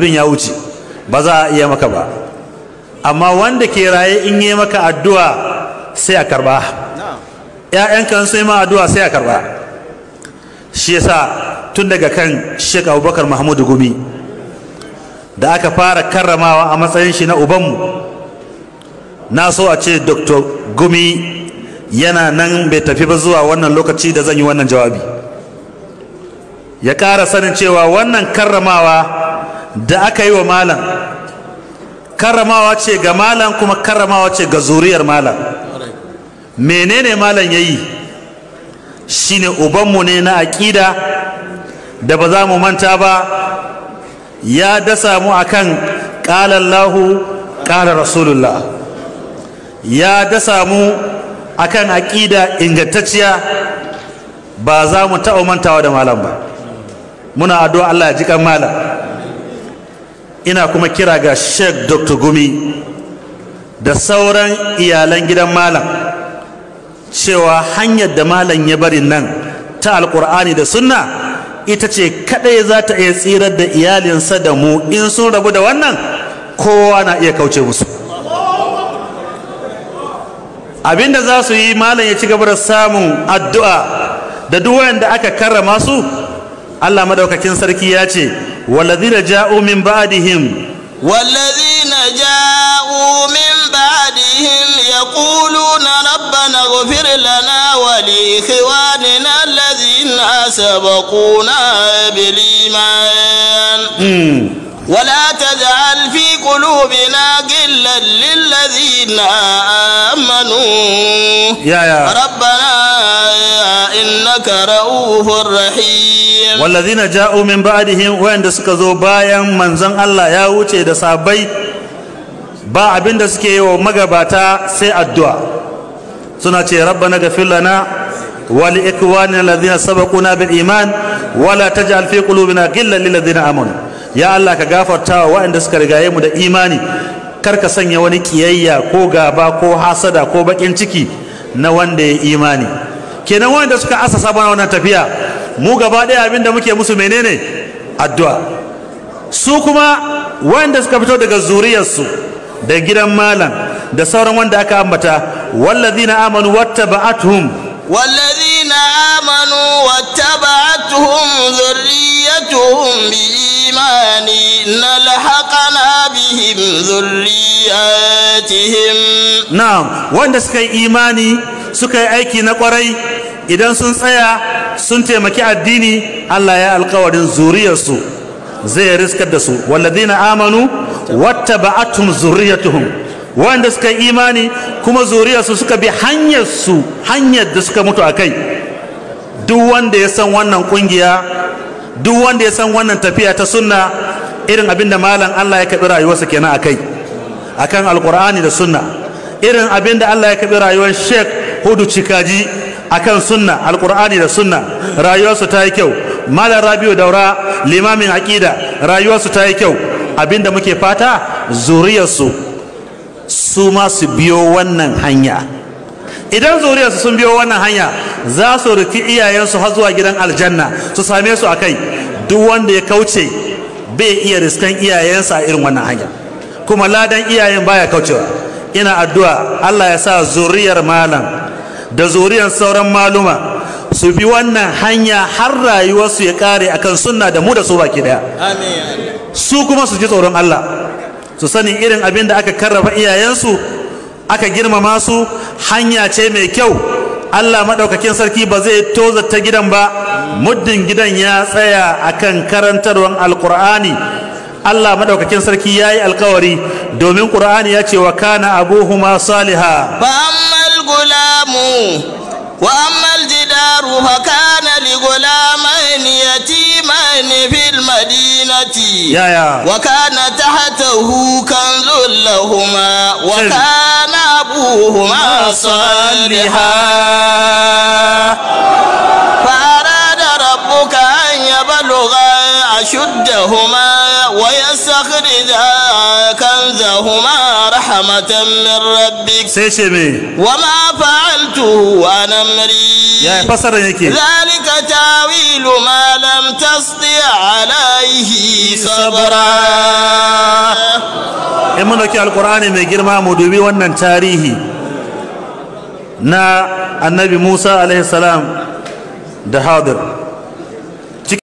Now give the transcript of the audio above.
abin ya wuce ba za a iya maka ba amma wanda ke raye in yi maka addu'a sai a karba ƴaƴanka sun sai ma addu'a sai a karba shi yasa tun daga kan Sheikh Abubakar mahmud Gumi da aka fara karramawa a matsayin shi na ubanmu na so a ce Dr. Gumi yana nan bai tafi ba zuwa wannan lokaci da zan yi wannan jawabi ya ƙara sanin cewa wannan karramawa da aka yi wa malam karramawa ce ga malam kuma karramawa ce ga zuriyar malam menene malam ya yi shi ne ubanmu ne na aƙida da ba za mu manta ba ya dasa mu akan ƙalallahu ƙalar rasulullah ya dasa mu akan aƙida ingantacciya ba za mu taɓa mantawa da malam ba muna addu'a Allah ya ji kan malam ina kuma kira ga sheikh dr gumi da sauran iyalan gidan malam cewa hanyar da malam ya bari nan ta alkur'ani da sunna ita ce kadai za ta iya tsirar da iyalinsa da mu in sun rabu da wannan kowa na iya kauce musu abinda za su yi malam ya ci gaba da samun addu'a da duk da aka karrama su Allah madaukakin sarki ya ce walladhina ja'u min ba'dihim walladhina ja'u min ba'dihim yaquluna rabbana ighfir lana wa li ikhwanina alladhina sabaquna bil iman ولا تجعل في قلوبنا غلا لل الذين آمنوا يا يا ربنا إنك رؤوف رحيم والذين جاءوا من بعدهم وين سكزو بايا من ba abinda suke yi magabata sai addu'a suna ce rabbana gafir lana wa li ikwanina alladhina sabaquna bil iman wala taj'al fi qulubina ghillan lil ladina amanu ya Allah ka gafarta wa waɗanda suka rigaye mu da imani kar ka sanya wani kiyayya ko gaba ko hasada ko bakin ciki na wanda ya imani kenan wanda suka asasa bana wannan tafiya mu gaba daya abin da muke musu menene addu'a su kuma wanda suka fito daga zuriyarsu da gidan malam da sauran wanda aka ambata wallazina amanu wattaba'atuhum wallazina amanu wattaba'atuhum zurriyatuhum biimani nalhaqa zurriyatihim na'am wanda suka yi imani suka yi aiki na kwarai idan sun tsaya sun taimaki addini Allah ya alƙawarin zuriyarsu zai riskar da su walladina amanu wattaba'atum zurriyatuhum wanda suka yi imani kuma zuriyarsu suka bi hanyar su hanyar da suka mutu akai duk wanda ya san wannan kungiya duk wanda ya san wannan tafiya ta sunna irin abin da malam Allah ya kaɓi rayuwarsa kenan akai akan Alƙur'ani da sunna irin abin da Allah ya kaɓi rayuwar sheikh hudu cikaji kan sunna Alƙur'ani da sunna rayuwarsu ta yi kyau malam rabiu daura limamin aƙida rayuwarsu ta yi kyau abin da muke fata zuriyarsu su ma su biyo wannan hanya idan zuriyarsu sun biyo wannan hanya za su rufi iyayensu har zuwa gidan aljanna su same su a kai duk wanda ya kauce bai iya riskan iyayensa a irin wannan hanya kuma ladan iyayen baya kaucewa ina addu'a Allah ya sa zuriyar malam da zuriyar sauran maluma su bi wannan hanya har rayuwarsu ya kare akan sunna da mu da su baki daya su kuma su ji tsoron Allah su sani irin abin da aka karrafa iyayensu aka girmama su hanya ce mai kyau Allah maɗaukakin sarki ba zai toza ta gidan ba muddin gidan ya tsaya akan karantarwan alkur'ani Allah maɗaukakin sarki ya yi alkawari domin ƙur'ani ya ce wa kana abuhuma saliha fa ammal gulamu wa ammal jidaru fa kana li gulamain yatimain fil madinati yaya wa kana tahtahu kanzul wa kana أبوهما صالحا فأراد ربك أن يبلغا أشدهما ويستخرجا كنزهما رحمة من ربك وما فعلته عن أمري ya fasara yake zalika tawilu ma lam tasti alaihi sabra in mun dauki alqur'ani mai girma mu dubi wannan tarihi na annabi Musa alaihi salam da Hadir